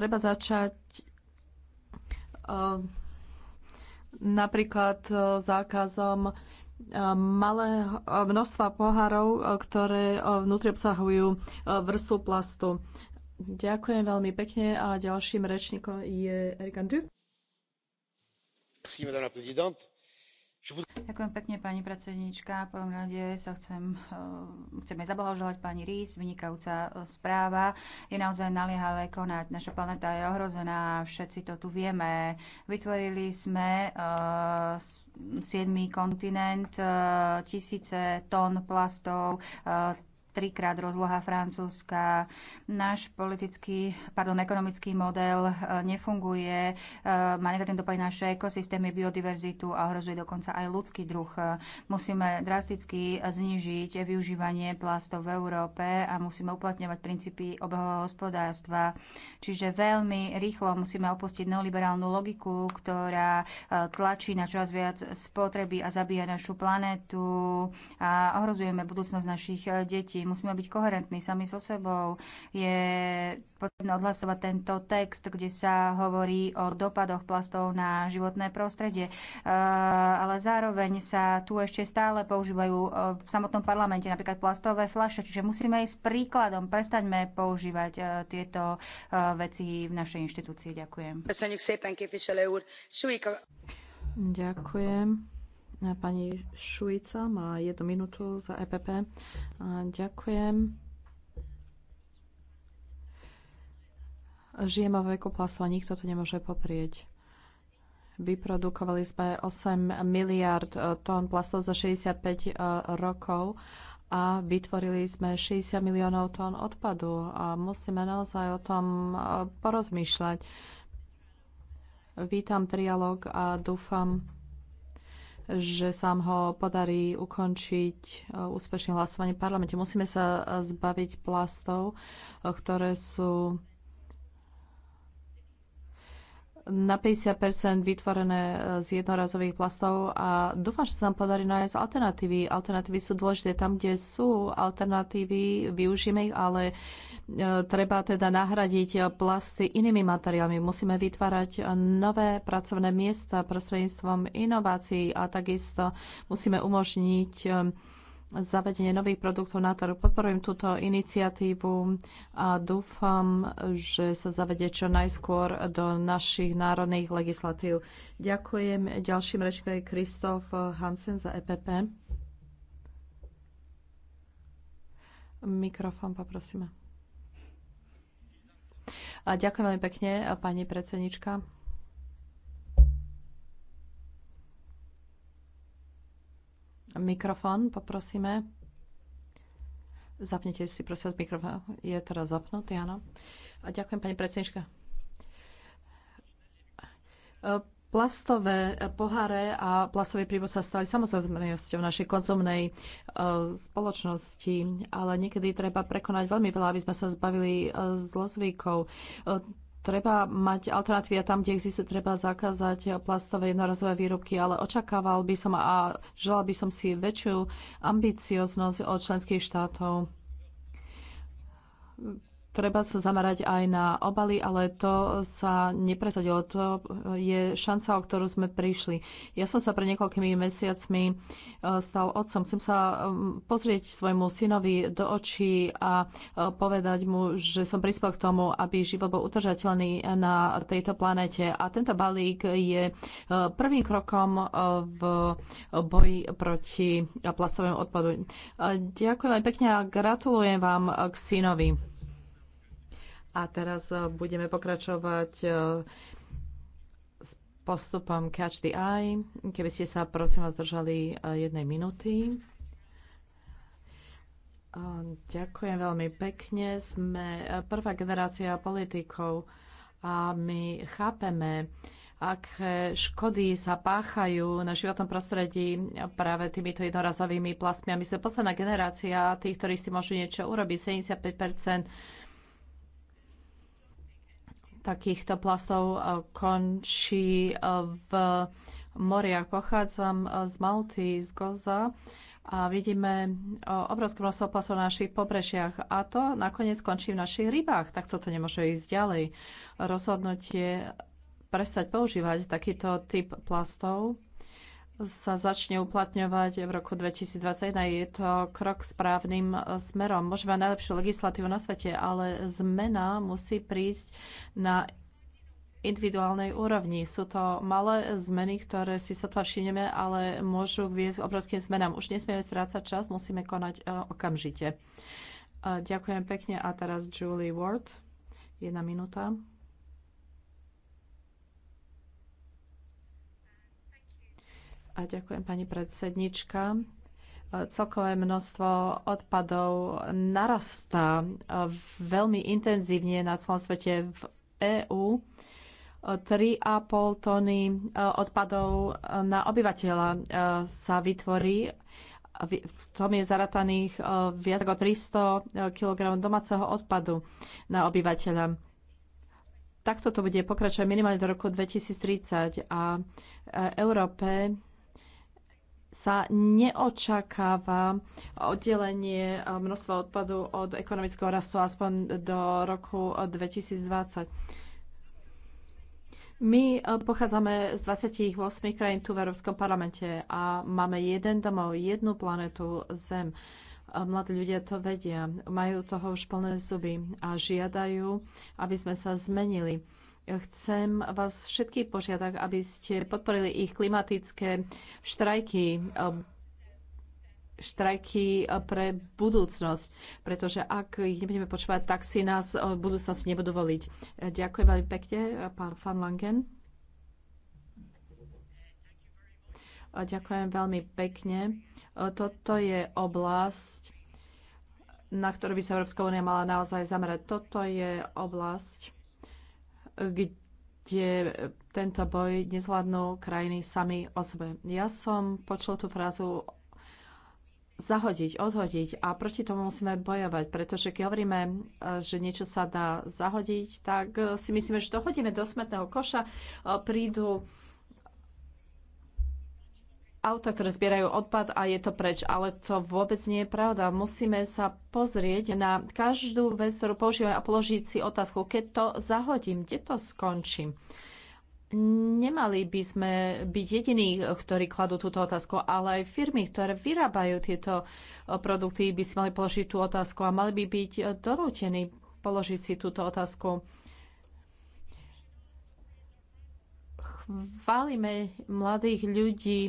Treba začať ehm, napríklad eh, zákazom ehm, malého eh, množstva pohárov, eh, ktoré vnútri obsahujú vrstvu plastu. Ďakujem veľmi pekne a ďalším rečníkom je Erik Andrew. Merci, madame la présidente Ďakujem pekne, pani predsednička. V prvom rade sa chcem, eh, chceme zabohoželať pani Rís, vynikajúca eh, správa. Je naozaj naliehavé konať. Naša planéta je ohrozená, všetci to tu vieme. Vytvorili sme uh, eh, siedmý kontinent, uh, tisíce tón plastov, uh, trikrát rozloha Francúzska. Náš politický, pardon, ekonomický model e, nefunguje, e, má negatívny dopad na naše ekosystémy, biodiverzitu a ohrozuje dokonca aj ľudský druh. E, musíme drasticky znižiť využívanie plastov v Európe a musíme uplatňovať princípy obehového hospodárstva. Čiže veľmi rýchlo musíme opustiť neoliberálnu logiku, ktorá tlačí na čoraz viac spotreby a zabíja našu planétu a ohrozujeme budúcnosť našich detí oblasti. Musíme byť koherentní sami so sebou. Je potrebné odhlasovať tento text, kde sa hovorí o dopadoch plastov na životné prostredie. E, ale zároveň sa tu ešte stále používajú e, v samotnom parlamente napríklad plastové fľaše, čiže musíme ísť príkladom. Prestaňme používať e, tieto veci v našej inštitúcii. Ďakujem. Ďakujem. Pani Šujica má jednu minútu za EPP. Ďakujem. Žijeme v veku plasu a nikto to nemôže poprieť. Vyprodukovali sme 8 miliard e, tón plastov za 65 e, rokov a vytvorili sme 60 miliónov tón odpadu a musíme naozaj o tom e, porozmýšľať. Vítam trialog a dúfam, že sa ho podarí ukončiť e, úspešne hlasovanie v parlamente. Musíme sa e, zbaviť plastov, e, ktoré sú na 50% vytvorené eh, z jednorazových plastov a dúfam, že sa nám podarí nájsť alternatívy. Alternatívy sú dôležité. Tam, kde sú alternatívy, využijeme ich, ale eh, treba teda nahradiť plasty inými materiálmi. Musíme vytvárať nové pracovné miesta prostredníctvom inovácií a takisto musíme umožniť eh, zavedenie nových produktov na trh. Podporujem túto iniciatívu a dúfam, že sa zavedie čo najskôr do našich národných legislatív. Ďakujem. Ďalším rečkom je Kristof Hansen za EPP. Mikrofón poprosíme. A ďakujem veľmi pekne, pani predsednička. Mikrofón poprosíme. Zapnite si prosím mikrofón. Je teraz zapnutý, áno. A ďakujem, pani predsednička. Plastové poháre a plastový príbor sa stali samozrejmosťou našej konzumnej e, spoločnosti, ale niekedy treba prekonať veľmi veľa, aby sme sa zbavili e, zlozvykov. E, treba mať alternatívy a tam, kde existuje, treba zakázať plastové jednorazové výrobky, ale očakával by som a želal by som si väčšiu ambicioznosť od členských štátov. Treba sa zamerať aj na obaly, ale to sa nepresadilo. To je šanca, o ktorú sme prišli. Ja som sa pre niekoľkými mesiacmi e, stal otcom. Chcem sa pozrieť svojmu synovi do očí a e, povedať mu, že som prispel k tomu, aby život bol utržateľný na tejto planete. A tento balík je e, prvým krokom v boji proti plastovému odpadu. Ďakujem pekne a gratulujem vám k synovi. A teraz e, budeme pokračovať e, s postupom Catch the Eye. Keby ste sa, prosím vás, držali e, jednej minúty. Ďakujem veľmi pekne. Sme prvá generácia politikov a my chápeme, aké škody sa páchajú na životnom prostredí práve týmito jednorazovými plastmi. A my sme posledná generácia tých, ktorí si môžu niečo urobiť. 75 takýchto plastov e, končí e, v moriach. Pochádzam e, z Malty, z Goza a vidíme obrovské množstvo plastov na našich pobrežiach a to nakoniec končí v našich rybách. Tak toto nemôže ísť ďalej. Rozhodnutie prestať používať takýto typ plastov sa začne uplatňovať v roku 2021. Je to krok správnym smerom. Môžeme mať najlepšiu legislatívu na svete, ale zmena musí prísť na individuálnej úrovni. Sú to malé zmeny, ktoré si sotva všimneme, ale môžu viesť k obrovským zmenám. Už nesmieme strácať čas, musíme konať e, okamžite. E, ďakujem pekne a teraz Julie Ward. Jedna minúta. A ďakujem pani predsednička. Celkové množstvo odpadov narastá e, veľmi intenzívne na celom svete v EÚ. 3,5 tony odpadov na obyvateľa e, sa vytvorí. V tom je zarataných e, viac ako 300 kg domáceho odpadu na obyvateľa. Takto to bude pokračovať minimálne do roku 2030 a Európe sa neočakáva oddelenie eh, množstva odpadu od ekonomického rastu aspoň do roku 2020. Eh, My eh, pochádzame z 28 krajín tu v Európskom parlamente a máme jeden domov, jednu planetu Zem. Mladí ľudia to vedia, majú toho už plné zuby a žiadajú, aby sme sa zmenili Chcem vás všetkých požiadať, aby ste podporili ich klimatické štrajky, štrajky pre budúcnosť, pretože ak ich nebudeme počúvať, tak si nás v budúcnosti nebudú voliť. Ďakujem veľmi pekne, pán Van Langen. Ďakujem veľmi pekne. Toto je oblasť, na ktorú by sa Európska únia mala naozaj zamerať. Toto je oblasť, kde tento boj nezvládnu krajiny sami o sebe. Ja som počul tú frázu zahodiť, odhodiť a proti tomu musíme bojovať, pretože keď hovoríme, e, že niečo sa dá zahodiť, tak e, si myslíme, že to hodíme do smetného koša, e, prídu auta, ktoré zbierajú odpad a je to preč. Ale to vôbec nie je pravda. Musíme sa pozrieť na každú vec, ktorú používame a položiť si otázku, keď to zahodím, kde to skončím. Nemali by sme byť jediní, ktorí kladú túto otázku, ale aj firmy, ktoré vyrábajú tieto eh, produkty, by si mali položiť tú otázku a mali by byť dorútení položiť si túto otázku. Chválime mladých ľudí,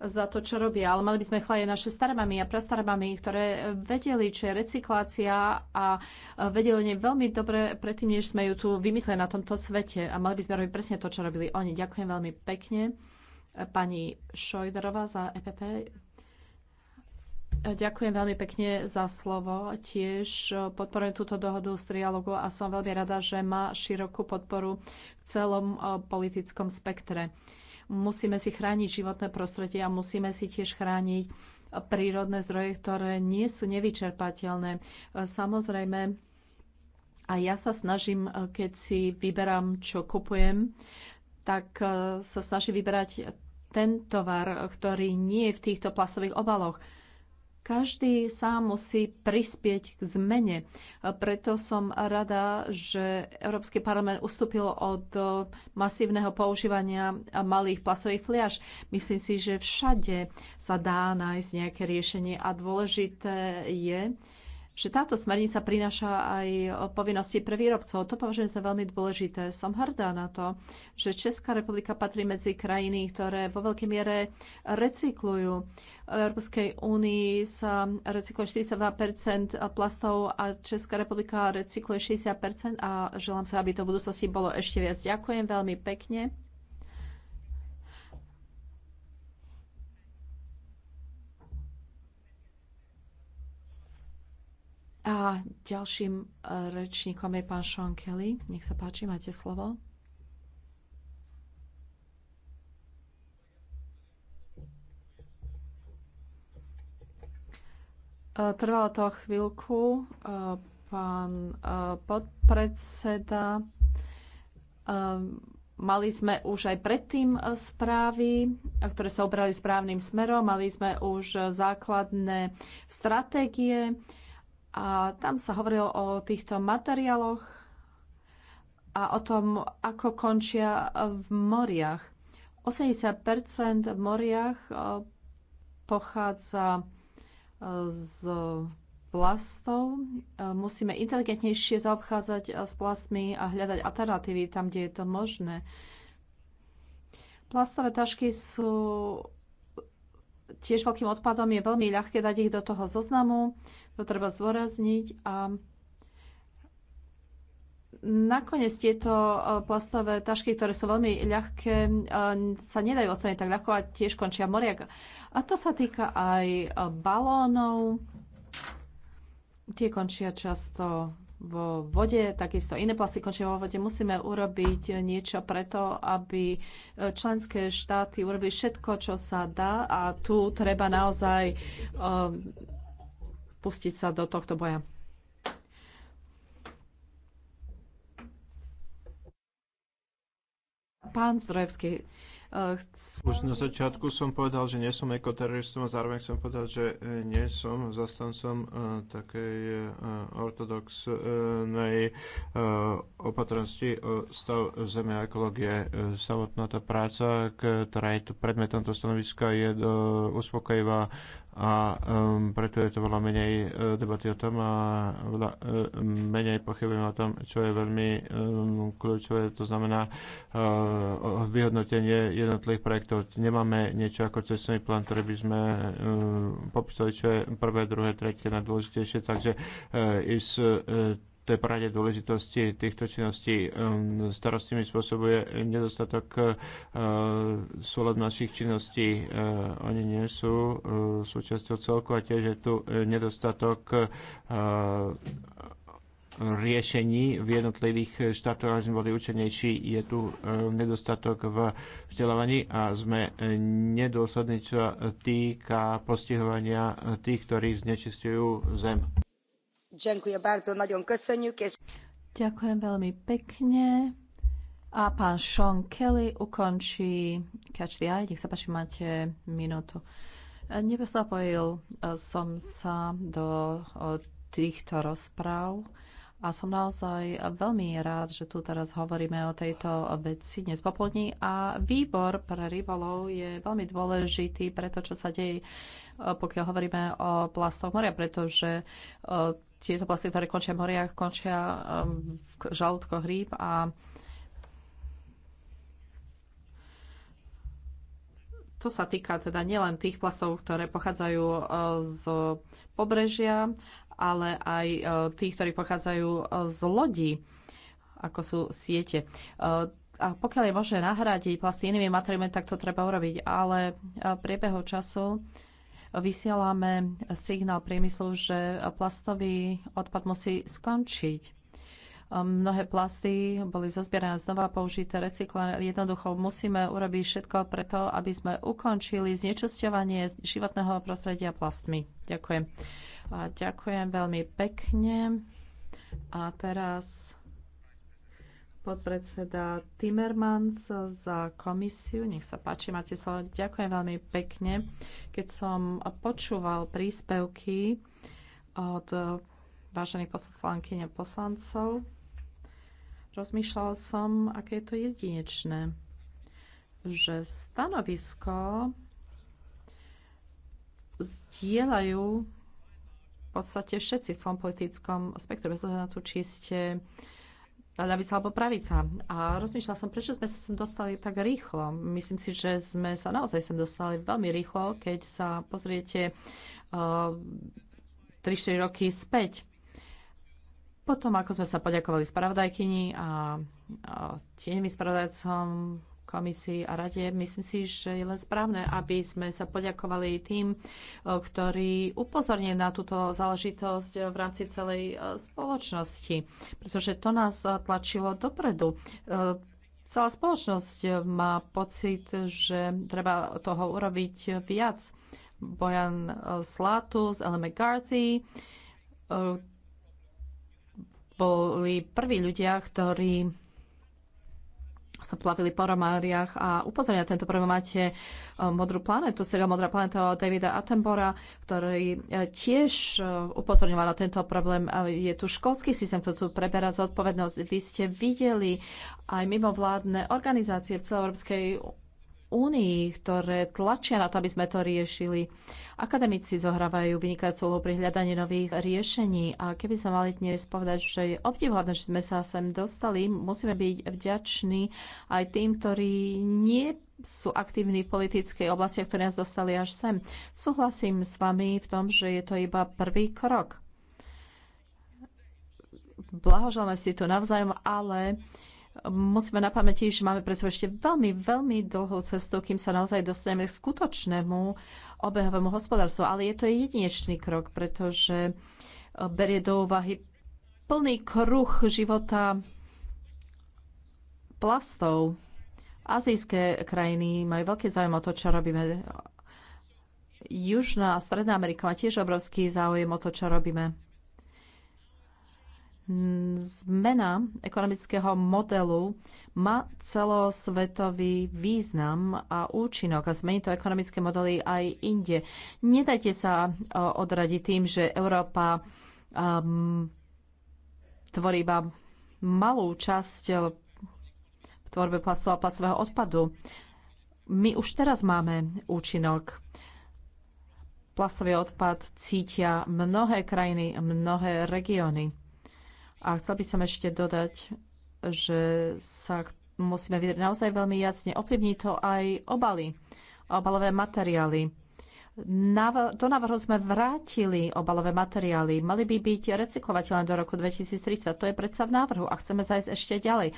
za to, čo robia, ale mali by sme chváliť naše starmami a prastarmami, ktoré vedeli, čo je recyklácia a vedeli o nej veľmi dobre predtým, než sme ju tu vymysleli na tomto svete a mali by sme robiť presne to, čo robili oni. Ďakujem veľmi pekne pani Šojderová za EPP. Ďakujem veľmi pekne za slovo. Tiež podporujem túto dohodu z trialogu a som veľmi rada, že má širokú podporu v celom eh, politickom spektre. Musíme si chrániť životné prostredie a musíme si tiež chrániť prírodné zdroje, ktoré nie sú nevyčerpateľné. Samozrejme, a ja sa snažím, keď si vyberám, čo kupujem, tak e, sa snažím vyberať ten tovar, ktorý nie je v týchto plastových obaloch. Každý sám musí prispieť k zmene. Preto som rada, že Európsky parlament ustúpil od masívneho používania malých plasových fliaž. Myslím si, že všade sa dá nájsť nejaké riešenie a dôležité je, že táto smernica prináša aj povinnosti pre výrobcov. To považujem za veľmi dôležité. Som hrdá na to, že Česká republika patrí medzi krajiny, ktoré vo veľkej miere recyklujú. V Európskej únii sa recykluje 42 plastov a Česká republika recykluje 60 a želám sa, aby to v budúcnosti bolo ešte viac. Ďakujem veľmi pekne. A ďalším e, rečníkom je pán Sean Kelly. Nech sa páči, máte slovo. E, trvalo to chvíľku. E, pán podpredseda, mali sme už aj predtým správy, ktoré sa obrali správnym smerom. Mali sme už základné stratégie a tam sa hovorilo o týchto materiáloch a o tom, ako končia v moriach. 80 v moriach e, pochádza e, z plastov. E, musíme inteligentnejšie zaobchádzať s plastmi a hľadať alternatívy tam, kde je to možné. Plastové tašky sú tiež veľkým odpadom. Je veľmi ľahké dať ich do toho zoznamu. To treba zdôrazniť a Nakoniec tieto e, plastové tašky, ktoré sú veľmi ľahké, e, sa nedajú odstrániť tak ľahko a tiež končia moriak. A to sa týka aj e, balónov. Tie končia často vo vode, takisto iné plasty končia vo vode. Musíme urobiť niečo preto, aby členské štáty urobili všetko, čo sa dá a tu treba naozaj pustiť sa do tohto boja. Pán Zdrojevský, e, chcem... Už na začiatku som povedal, že nie som ekoterroristom a zároveň chcem povedať, že e, nie som zastancom e, takej ortodoxnej opatrnosti o stav zeme a ekológie. Samotná tá práca, ktorá je tu predmetom toho stanoviska, je uspokojivá a um, preto je to veľa menej uh, debaty o tom a veľa, uh, menej pochybujem o tom, čo je veľmi um, kľúčové, to znamená uh, vyhodnotenie jednotlivých projektov. Nemáme niečo ako cestný plán, ktorý by sme um, popísali, čo je prvé, druhé, tretie najdôležitejšie, takže uh, ísť uh, tej prade dôležitosti týchto činností. Um, Starosti mi spôsobuje nedostatok uh, súlad našich činností. Uh, oni nie sú uh, súčasťou celku a tiež je tu nedostatok riešení v jednotlivých štátoch, aby sme boli učenejší, je tu nedostatok v vzdelávaní a sme nedôslední, čo týka postihovania tých, ktorí znečistujú zem. Ďakujem veľmi pekne. A pán Sean Kelly ukončí Catch the Eye. Nech sa páči, máte minútu. Nezapojil som sa do týchto rozpráv a som naozaj veľmi rád, že tu teraz hovoríme o tejto veci dnes popoludní. A výbor pre rybolov je veľmi dôležitý pre to, čo sa deje, e, pokiaľ hovoríme o plastoch moria, pretože e, tieto plasty, ktoré končia v moriach, končia e, v žalúdkoch rýb a to sa týka teda nielen tých plastov, ktoré pochádzajú z pobrežia, ale aj e, tí, ktorí pochádzajú e, z lodí, ako sú siete. E, a pokiaľ je možné nahradiť plasty inými materiálmi, tak to treba urobiť. Ale priebehu času vysielame signál priemyslu, že plastový odpad musí skončiť Ehm, mnohé plasty boli zozbierané znova použité, recyklované. Jednoducho musíme urobiť všetko preto, aby sme ukončili znečisťovanie životného prostredia plastmi. Ďakujem. A ďakujem veľmi pekne. A teraz podpredseda Timmermans za komisiu. Nech sa páči, máte slovo. Ďakujem veľmi pekne. Keď som počúval príspevky od vážených poslankyň a poslancov, rozmýšľala som, aké je to jedinečné, že stanovisko zdieľajú v podstate všetci v celom politickom spektru, bez ohľadu na to, či ste ľavica alebo pravica. A rozmýšľala som, prečo sme sa sem dostali tak rýchlo. Myslím si, že sme sa naozaj sem dostali veľmi rýchlo, keď sa pozriete uh, 3-4 roky späť. Potom, ako sme sa poďakovali spravodajkyni a, a tiemi spravodajcom komisii a rade, myslím si, že je len správne, aby sme sa poďakovali tým, ktorí upozornili na túto záležitosť v rámci celej e, spoločnosti, pretože to nás e, tlačilo dopredu. E, celá spoločnosť má pocit, že treba toho urobiť viac. Bojan Slatus, Ellen McCarthy, boli prví ľudia, ktorí sa plavili po romáriach a upozorňujú tento problém. Máte e, Modrú planetu, seriál Modrá planeta od Davida Attenbora, ktorý e, tiež e, upozorňoval na tento problém. Je tu školský systém, ktorý tu preberá zodpovednosť. Vy ste videli aj mimovládne organizácie v celej Európskej únii, ktoré tlačia na to, aby sme to riešili. Akademici zohrávajú vynikajúcu úlohu pri hľadaní nových riešení a keby sme mali dnes povedať, že je obdivuhodné, že sme sa sem dostali, musíme byť vďační aj tým, ktorí nie sú aktívni v politickej oblasti, ktoré nás dostali až sem. Súhlasím s vami v tom, že je to iba prvý krok. Blahoželme si tu navzájom, ale musíme na pamäti, že máme pred ešte veľmi, veľmi dlhú cestu, kým sa naozaj dostaneme k skutočnému obehovému hospodárstvu. Ale je to jedinečný krok, pretože e, berie do úvahy plný kruh života plastov. Azijské krajiny majú veľký záujem o to, čo robíme. Južná a Stredná Amerika má tiež obrovský záujem o to, čo robíme Zmena ekonomického modelu má celosvetový význam a účinok a zmení to ekonomické modely aj inde. Nedajte sa odradiť tým, že Európa um, tvorí iba malú časť v tvorbe plastu a plastového odpadu. My už teraz máme účinok plastový odpad cítia mnohé krajiny, mnohé regióny. A chcel by som ešte dodať, že sa musíme vidieť naozaj veľmi jasne. Ovplyvní to aj obaly, obalové materiály. Do návrhu sme vrátili obalové materiály. Mali by byť recyklovateľné do roku 2030. To je predsa v návrhu a chceme zajsť ešte ďalej.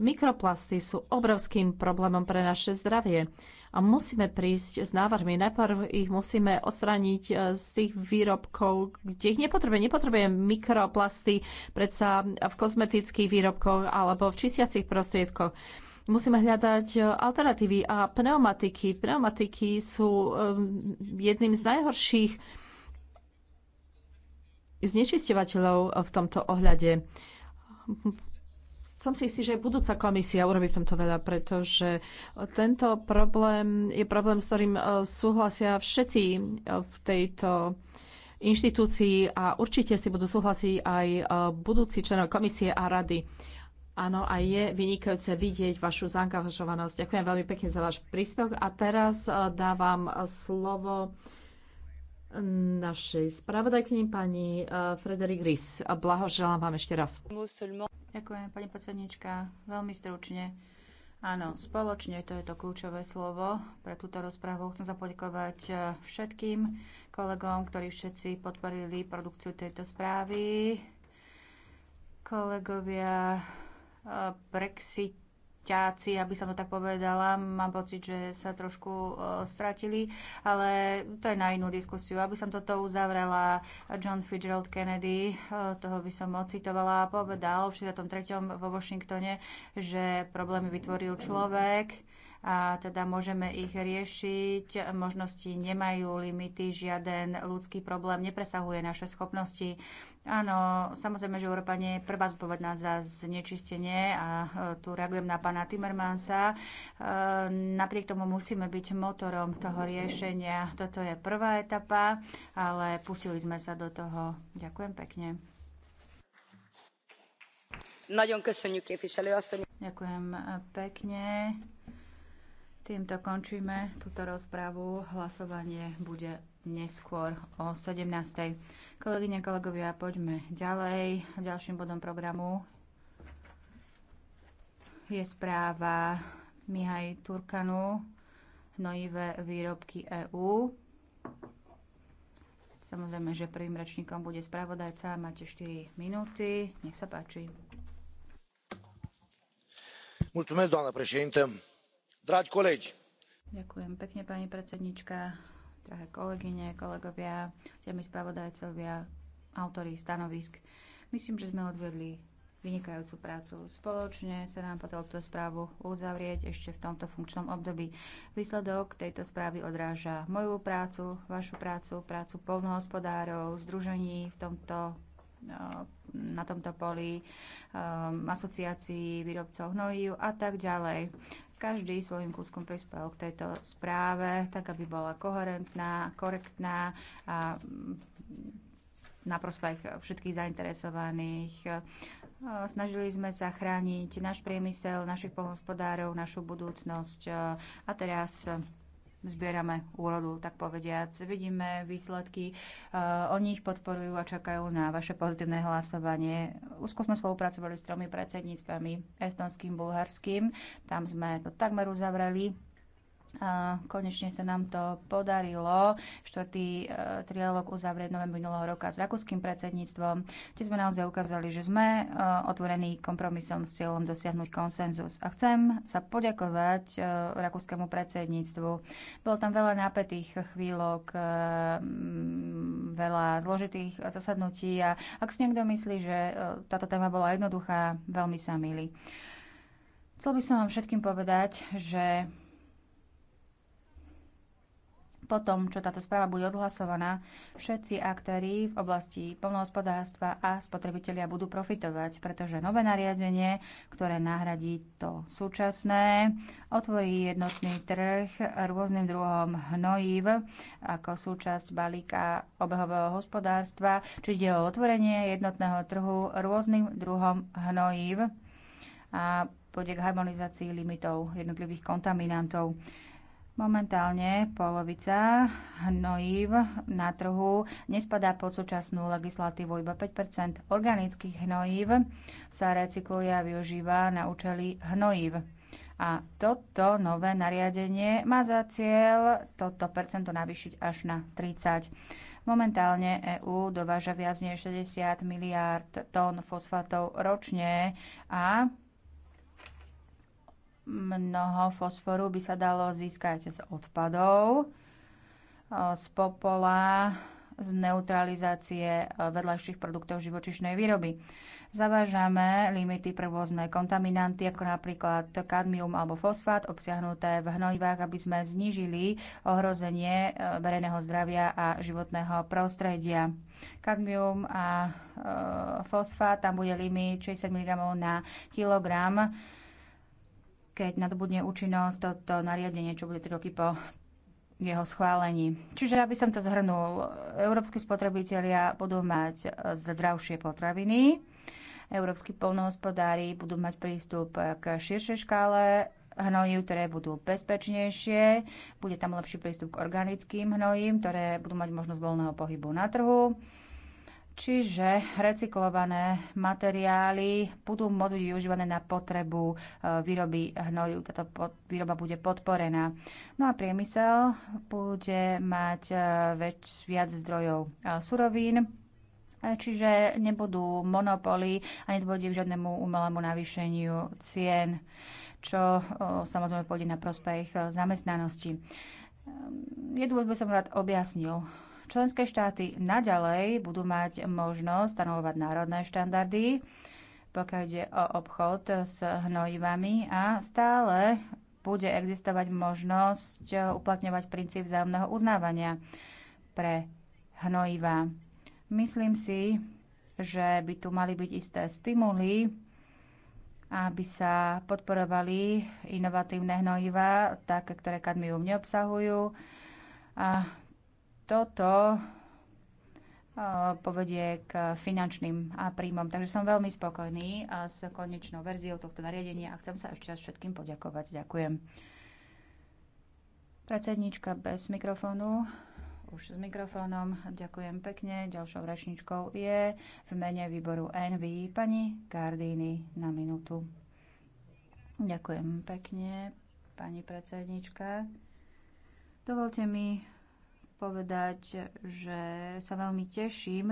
Mikroplasty sú obrovským problémom pre naše zdravie. A musíme prísť s návrhmi. Najprv ich musíme odstrániť e, z tých výrobkov, kde ich nepotrebujeme. Nepotrebujeme mikroplasty predsa v kozmetických výrobkoch alebo v čistiacich prostriedkoch musíme hľadať e, alternatívy a pneumatiky. Pneumatiky sú e, jedným z najhorších znečisťovateľov v tomto ohľade som si istý, že budúca komisia urobí v tomto veľa, pretože tento problém je problém, s ktorým e, súhlasia všetci e, v tejto inštitúcii a určite si budú súhlasiť aj e, budúci členov komisie a rady. Áno, a je vynikajúce vidieť vašu zaangažovanosť. Ďakujem veľmi pekne za váš príspevok a teraz dávam slovo našej spravodajkyni pani eh, Frederik Ries. Blahoželám vám ešte raz. Ďakujem, pani predsednička. Veľmi stručne. Áno, spoločne to je to kľúčové slovo pre túto rozprávu. Chcem sa poďakovať eh, všetkým kolegom, ktorí všetci podporili produkciu tejto správy. Kolegovia, eh, Brexit ťáci, aby som to tak povedala. Mám pocit, že sa trošku uh, stratili, ale to je na inú diskusiu. Aby som toto uzavrela, John Fitzgerald Kennedy, uh, toho by som ocitovala, povedal v 63. vo Washingtone, že problémy vytvoril človek, a teda môžeme ich riešiť. Možnosti nemajú limity, žiaden ľudský problém nepresahuje naše schopnosti. Áno, samozrejme, že Európa nie je prvá zodpovedná za znečistenie a e, tu reagujem na pána Timmermansa. E, napriek tomu musíme byť motorom toho riešenia. Toto je prvá etapa, ale pustili sme sa do toho. Ďakujem pekne. Ďakujem e, pekne. Týmto končíme túto rozpravu. Hlasovanie bude neskôr o 17. Kolegyne, kolegovia, poďme ďalej. Ďalším bodom programu je správa Mihaj Turkanu hnojivé výrobky EÚ. Samozrejme, že prvým rečníkom bude spravodajca. Máte 4 minúty. Nech sa páči. Mulțumesc, președintă. Dragi colegi. Ďakujem pekne, pani predsednička drahé kolegyne, kolegovia, temi spravodajcovia, autori stanovisk. Myslím, že sme odvedli vynikajúcu prácu. Spoločne sa nám podarilo túto správu uzavrieť ešte v tomto funkčnom období. Výsledok tejto správy odráža moju prácu, vašu prácu, prácu polnohospodárov, združení v tomto no, na tomto poli, um, asociácií výrobcov hnojív a tak ďalej každý svojim kúskom prispel k tejto správe, tak aby bola koherentná, korektná a na prospech všetkých zainteresovaných. Snažili sme sa chrániť náš priemysel, našich pohospodárov, našu budúcnosť a teraz zbierame úrodu, tak povediac. Vidíme výsledky, eh, o nich podporujú a čakajú na vaše pozitívne hlasovanie. Úzko sme spolupracovali s tromi predsedníctvami, estonským, bulharským. Tam sme to takmer uzavreli Konečne sa nám to podarilo. Štvrtý e, trialog uzavrieť novembri minulého roka s rakúskym predsedníctvom, kde sme naozaj ukázali, že sme e, otvorení kompromisom s cieľom dosiahnuť konsenzus. A chcem sa poďakovať e, rakúskému predsedníctvu. Bolo tam veľa nápetých chvíľok, veľa zložitých zasadnutí a ak si niekto myslí, že táto téma bola jednoduchá, veľmi sa milí. Chcel by som vám všetkým povedať, že po tom, čo táto správa bude odhlasovaná, všetci aktéri v oblasti polnohospodárstva a spotrebitelia budú profitovať, pretože nové nariadenie, ktoré nahradí to súčasné, otvorí jednotný trh rôznym druhom hnojív ako súčasť balíka obehového hospodárstva, čiže ide o otvorenie jednotného trhu rôznym druhom hnojív a pôjde k harmonizácii limitov jednotlivých kontaminantov. Momentálne polovica hnojív na trhu nespadá pod súčasnú legislatívu. Iba 5 organických hnojív sa recykluje a využíva na účely hnojív. A toto nové nariadenie má za cieľ toto percento navýšiť až na 30. Momentálne EÚ dováža viac než 60 miliárd tón fosfátov ročne a Mnoho fosforu by sa dalo získať z odpadov, e, z popola, z neutralizácie e, vedľajších produktov živočišnej výroby. Zavážame limity pre rôzne kontaminanty, ako napríklad kadmium alebo fosfát obsiahnuté v hnojivách, aby sme znížili ohrozenie e, verejného zdravia a životného prostredia. Kadmium a e, fosfát, tam bude limit 60 mg na kilogram keď nadobudne účinnosť toto nariadenie, čo bude 3 roky po jeho schválení. Čiže aby som to zhrnul, európsky spotrebitelia budú mať zdravšie potraviny, európsky polnohospodári budú mať prístup k širšej škále hnojív, ktoré budú bezpečnejšie, bude tam lepší prístup k organickým hnojím, ktoré budú mať možnosť voľného pohybu na trhu Čiže recyklované materiály budú môcť byť využívané na potrebu e, výroby hnojú. Táto výroba bude podporená. No a priemysel bude mať e, väč, viac zdrojov e, surovín, čiže nebudú monopoly a nedôjde k žiadnemu umelému navýšeniu cien, čo samozrejme pôjde na prospech zamestnanosti. Jednu by som rád objasnil Členské štáty naďalej budú mať možnosť stanovovať národné štandardy, pokiaľ ide o obchod s hnojivami a stále bude existovať možnosť uplatňovať princíp vzájomného uznávania pre hnojiva. Myslím si, že by tu mali byť isté stimuly, aby sa podporovali inovatívne hnojivá, také, ktoré kadmium neobsahujú. A toto povedie k finančným príjmom. Takže som veľmi spokojný s konečnou verziou tohto nariadenia a chcem sa ešte raz všetkým poďakovať. Ďakujem. Predsednička bez mikrofónu. Už s mikrofónom. Ďakujem pekne. Ďalšou rečničkou je v mene výboru NV pani Gardini na minútu. Ďakujem pekne, pani predsednička. Dovolte mi povedať, že sa veľmi teším,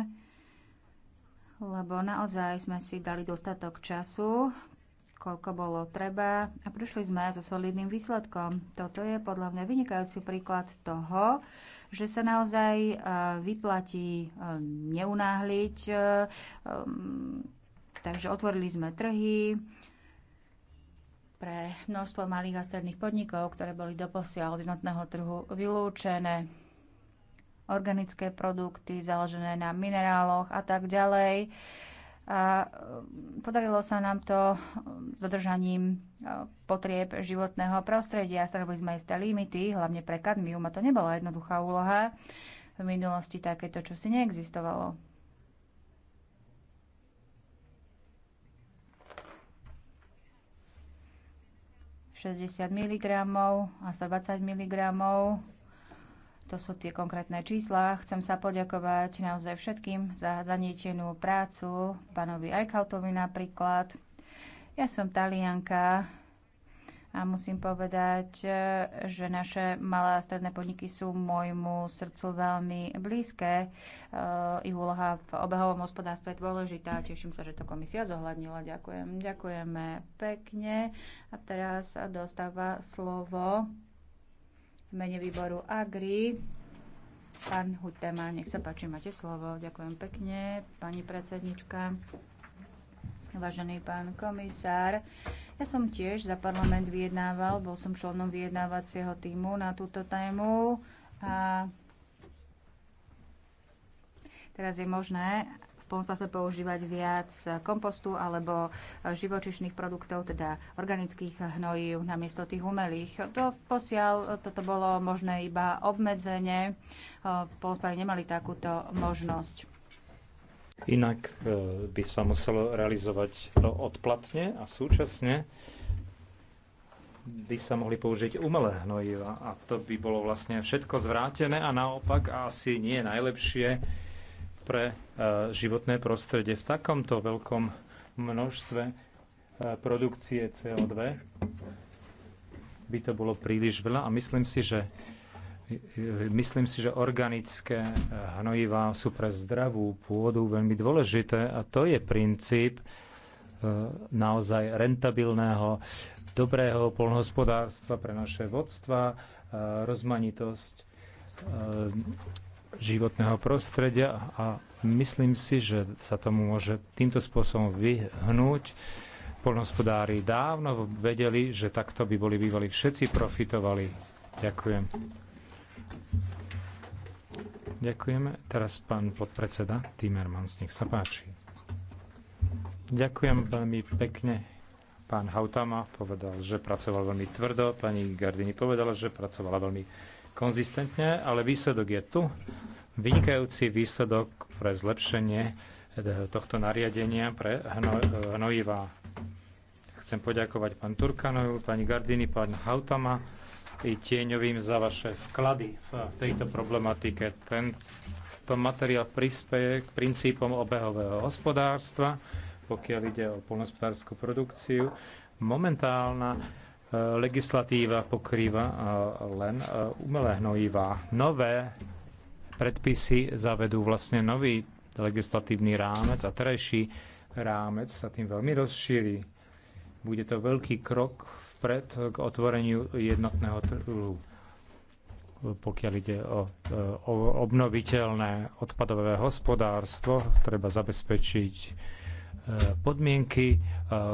lebo naozaj sme si dali dostatok času, koľko bolo treba a prišli sme so solidným výsledkom. Toto je podľa mňa vynikajúci príklad toho, že sa naozaj e, vyplatí e, neunáhliť. E, takže otvorili sme trhy pre množstvo malých a stredných podnikov, ktoré boli doposiaľ z jednotného trhu vylúčené organické produkty založené na mineráloch a tak ďalej. A um, podarilo sa nám to dodržaním um, uh, potrieb životného prostredia. Stavili sme isté limity, hlavne pre kadmium, a to nebola jednoduchá úloha. V minulosti takéto čo si neexistovalo. ...60 mg a 120 mg to sú tie konkrétne čísla. Chcem sa poďakovať naozaj všetkým za zanietenú prácu, pánovi Eichautovi napríklad. Ja som Talianka a musím povedať, že naše malé a stredné podniky sú môjmu srdcu veľmi blízke. E, ich úloha v obehovom hospodárstve je dôležitá. Teším sa, že to komisia zohľadnila. Ďakujem. Ďakujeme pekne. A teraz dostáva slovo v mene výboru Agri. Pán Hutema, nech sa páči, máte slovo. Ďakujem pekne, pani predsednička. Vážený pán komisár, ja som tiež za parlament vyjednával, bol som členom vyjednávacieho týmu na túto tému a teraz je možné, Pomôžme sa používať viac kompostu alebo živočišných produktov, teda organických hnojív namiesto tých umelých. To posiaľ toto bolo možné iba obmedzenie. Polnospodári nemali takúto možnosť. Inak e, by sa muselo realizovať to odplatne a súčasne by sa mohli použiť umelé hnojiva a to by bolo vlastne všetko zvrátené a naopak asi nie najlepšie pre e, životné prostredie. V takomto veľkom množstve e, produkcie CO2 by to bolo príliš veľa a myslím si, že e, Myslím si, že organické hnojivá sú pre zdravú pôdu veľmi dôležité a to je princíp naozaj rentabilného, dobrého polnohospodárstva pre naše vodstva, rozmanitosť životného prostredia a myslím si, že sa tomu môže týmto spôsobom vyhnúť. Polnospodári dávno vedeli, že takto by boli bývali všetci profitovali. Ďakujem. Ďakujeme. Teraz pán podpredseda Timmermans, nech sa páči. Ďakujem veľmi pekne. Pán Hautama povedal, že pracoval veľmi tvrdo. Pani Gardini povedala, že pracovala veľmi konzistentne, ale výsledok je tu. Vynikajúci výsledok pre zlepšenie eh, tohto nariadenia pre hno, eh, hnojivá. Chcem poďakovať pán Turkanovi, pani Gardini, pán Hautama i tieňovým za vaše vklady v tejto problematike. Tento materiál prispieje k princípom obehového hospodárstva, pokiaľ ide o polnospodárskú produkciu. Momentálna legislatíva pokrýva len umelé hnojivá. Nové predpisy zavedú vlastne nový legislatívny rámec a terajší rámec sa tým veľmi rozšíri. Bude to veľký krok vpred k otvoreniu jednotného trhu, pokiaľ ide o, o obnoviteľné odpadové hospodárstvo, treba zabezpečiť podmienky, e,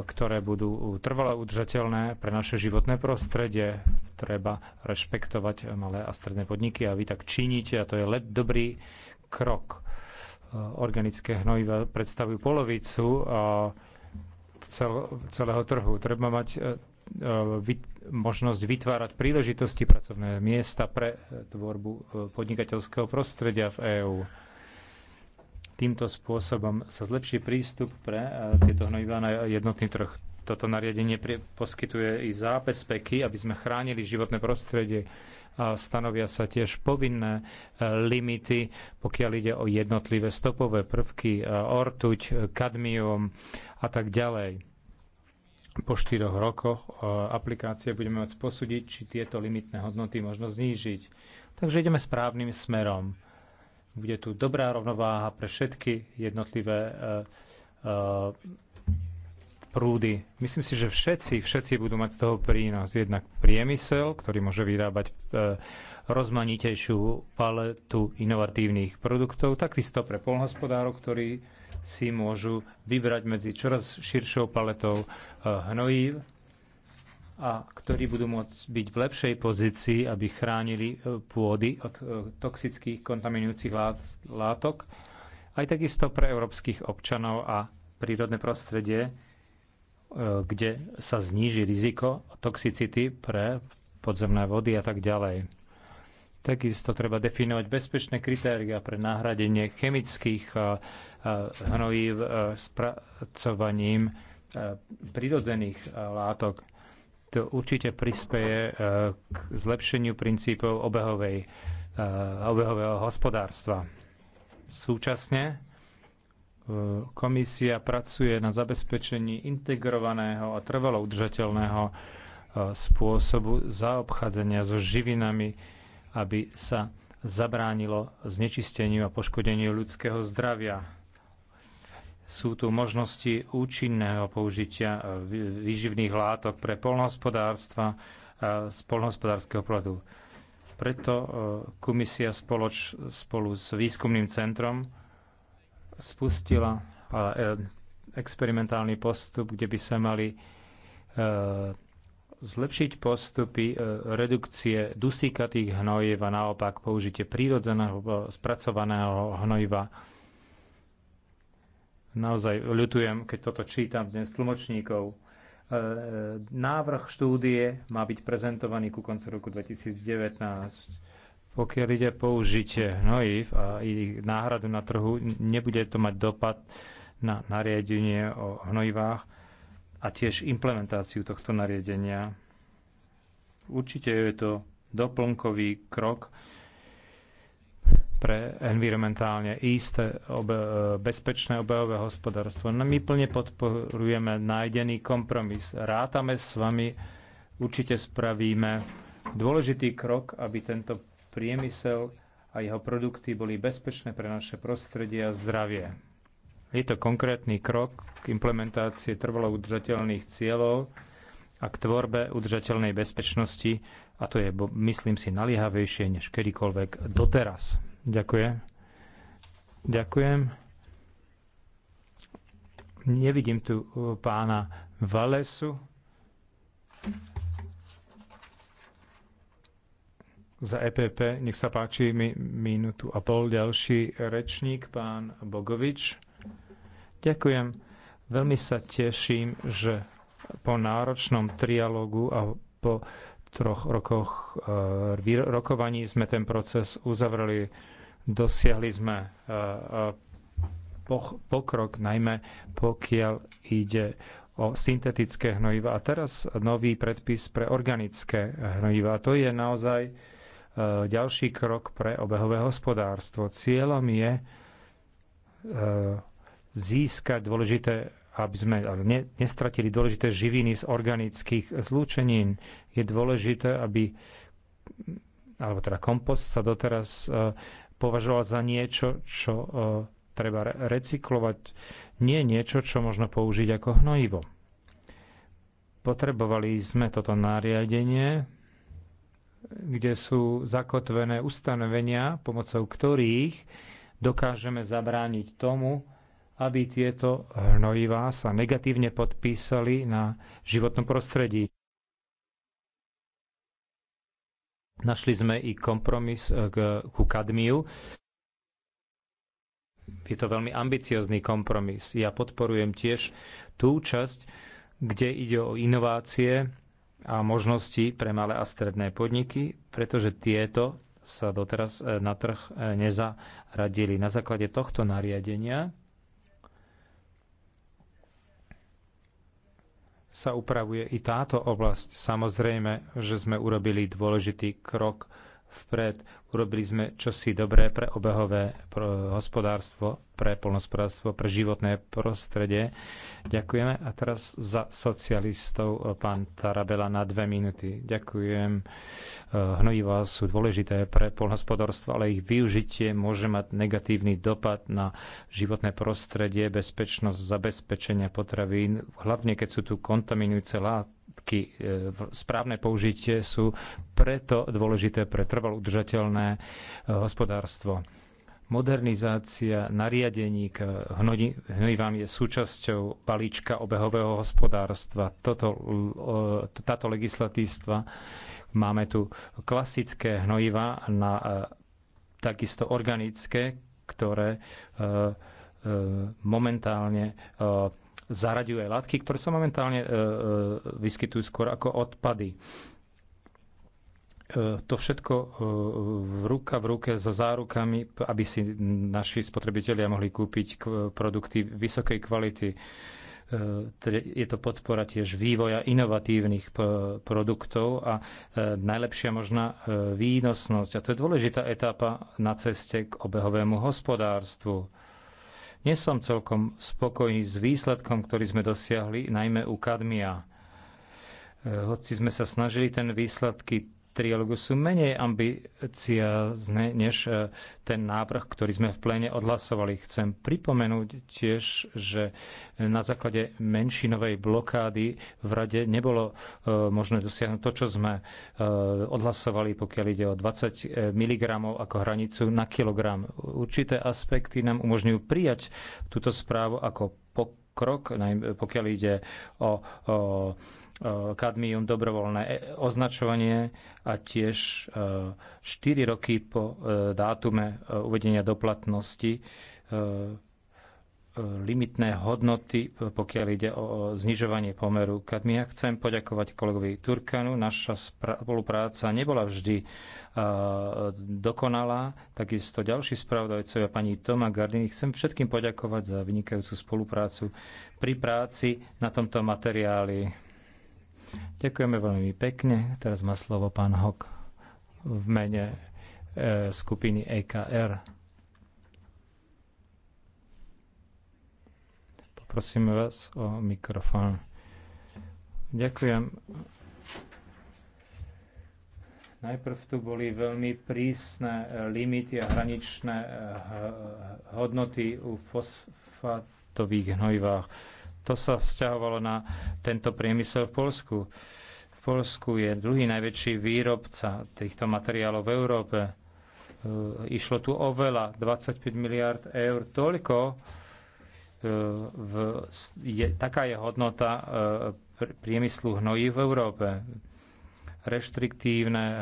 ktoré budú trvale udržateľné pre naše životné prostredie. Treba rešpektovať malé a stredné podniky a vy tak činíte a to je let dobrý krok. E, organické hnojiva predstavujú polovicu e, celého trhu. Treba mať možnosť vytvárať príležitosti pracovné miesta pre tvorbu podnikateľského prostredia v EÚ Týmto spôsobom sa zlepší prístup pre e, tieto hnojivá na jednotný trh. Toto nariadenie poskytuje i peky, aby sme chránili životné prostredie a stanovia sa tiež povinné e, limity, pokiaľ ide o jednotlivé stopové prvky, e, ortuť, kadmium a tak ďalej. Po štyroch rokoch aplikácie budeme môcť posúdiť, či tieto limitné hodnoty možno znížiť. Takže ideme správnym smerom. Bude tu dobrá rovnováha pre všetky jednotlivé e, e, prúdy. Myslím si, že všetci, všetci budú mať z toho prínos. Jednak priemysel, ktorý môže vyrábať e, rozmanitejšiu paletu inovatívnych produktov, takisto pre polnohospodárov, ktorí si môžu vybrať medzi čoraz širšou paletou hnojív a ktorí budú môcť byť v lepšej pozícii, aby chránili e, pôdy od e, toxických kontaminujúcich látok, aj takisto pre európskych občanov a prírodné prostredie, e, kde sa zníži riziko toxicity pre podzemné vody a tak ďalej. Takisto treba definovať bezpečné kritéria pre nahradenie chemických hnojív spracovaním prírodzených látok to určite prispeje e, k zlepšeniu princípov obehovej, e, obehového hospodárstva. Súčasne e, komisia pracuje na zabezpečení integrovaného a trvalo udržateľného spôsobu zaobchádzania so živinami, aby sa zabránilo znečisteniu a poškodeniu ľudského zdravia sú tu možnosti účinného použitia e, výživných látok pre polnohospodárstva a z polnohospodárskeho produktu. Preto e, komisia spoloč, spolu s výskumným centrom spustila e, experimentálny postup, kde by sa mali zlepšiť postupy redukcie dusíkatých hnojiv a naopak použitie prírodzeného spracovaného hnojiva Naozaj ľutujem, keď toto čítam dnes tlmočníkov. E, e, návrh štúdie má byť prezentovaný ku koncu roku 2019. Pokiaľ ide použitie hnojív a ich náhradu na trhu, nebude to mať dopad na nariadenie o hnojivách a tiež implementáciu tohto nariadenia. Určite je to doplnkový krok, pre environmentálne isté obe, e, bezpečné obehové hospodárstvo. No my plne podporujeme nájdený kompromis. Rátame s vami, určite spravíme dôležitý krok, aby tento priemysel a jeho produkty boli bezpečné pre naše prostredie a zdravie. Je to konkrétny krok k implementácii trvalo udržateľných cieľov a k tvorbe udržateľnej bezpečnosti a to je, myslím si, naliehavejšie než kedykoľvek doteraz. Ďakujem. Ďakujem. Nevidím tu pána Valesu. Za EPP, nech sa páči, mi, minútu a pol ďalší rečník, pán Bogovič. Ďakujem. Veľmi sa teším, že po náročnom trialógu a po troch rokoch e, rokovaní sme ten proces uzavreli Dosiahli sme e, e, pokrok, najmä pokiaľ ide o syntetické hnojiva. A teraz nový predpis pre organické hnojiva. To je naozaj e, ďalší krok pre obehové hospodárstvo. Cieľom je získať dôležité, aby sme nestratili dôležité živiny z organických zlúčenín. Je dôležité, aby alebo teda kompost sa doteraz považoval za niečo, čo e, treba recyklovať, nie niečo, čo možno použiť ako hnojivo. Potrebovali sme toto nariadenie, kde sú zakotvené ustanovenia, pomocou ktorých dokážeme zabrániť tomu, aby tieto hnojivá sa negatívne podpísali na životnom prostredí. Našli sme i kompromis e, k, ku kadmiu. Je to veľmi ambiciozný kompromis. Ja podporujem tiež tú časť, kde ide o inovácie a možnosti pre malé a stredné podniky, pretože tieto sa doteraz e, na trh e, nezaradili. Na základe tohto nariadenia sa upravuje i táto oblasť. Samozrejme, že sme urobili dôležitý krok vpred. Urobili sme čosi dobré pre obehové pre hospodárstvo, pre polnospodárstvo, pre životné prostredie. Ďakujeme. A teraz za socialistov eh, pán Tarabela na dve minúty. Ďakujem. Eh, Hnojivá sú dôležité pre polnospodárstvo, ale ich využitie môže mať negatívny dopad na životné prostredie, bezpečnosť, zabezpečenia potravín, hlavne keď sú tu kontaminujúce látky prostriedky, e, správne použitie sú preto dôležité pre trvalo udržateľné e, hospodárstvo. Modernizácia nariadení k hnojivám je súčasťou balíčka obehového hospodárstva. Toto, táto legislatívstva. máme tu klasické hnojiva na e, takisto organické, ktoré momentálne zaraďujú aj látky, ktoré sa momentálne e, e, vyskytujú skôr ako odpady. E, to všetko v ruka v ruke so zárukami, aby si naši spotrebitelia mohli kúpiť produkty vysokej kvality. Teda je to podpora tiež vývoja inovatívnych produktov a najlepšia možná výnosnosť. A to je dôležitá etapa na ceste k obehovému hospodárstvu nie som celkom spokojný s výsledkom, ktorý sme dosiahli, najmä u kadmia. E, hoci sme sa snažili ten výsledky trialogu sú menej ambiciázne než e, ten návrh, ktorý sme v pléne odhlasovali. Chcem pripomenúť tiež, že na základe menšinovej blokády v rade nebolo e, možné dosiahnuť to, čo sme e, odhlasovali, pokiaľ ide o 20 mg ako hranicu na kilogram. Určité aspekty nám umožňujú prijať túto správu ako krok, pokiaľ ide o, o kadmium dobrovoľné e, označovanie a tiež 4 e, roky po e, dátume uvedenia do platnosti limitné hodnoty, pokiaľ ide o znižovanie pomeru kadmia. Chcem poďakovať kolegovi Turkanu. Naša spolupráca nebola vždy dokonalá. Takisto ďalší spravodajcovia pani Toma Gardini. Chcem všetkým poďakovať za vynikajúcu spoluprácu pri práci na tomto materiáli. Ďakujeme veľmi pekne. Teraz má slovo pán Hok v mene e, skupiny EKR. Prosím vás o mikrofón. Ďakujem. Najprv tu boli veľmi prísne limity a hraničné eh, hodnoty u fosfátových hnojivách. To sa vzťahovalo na tento priemysel v Polsku. V Polsku je druhý najväčší výrobca týchto materiálov v Európe. Eh, išlo tu o veľa, 25 miliard eur, toľko, E, v, je, taká je hodnota e, priemyslu hnojí v Európe. Reštriktívne e,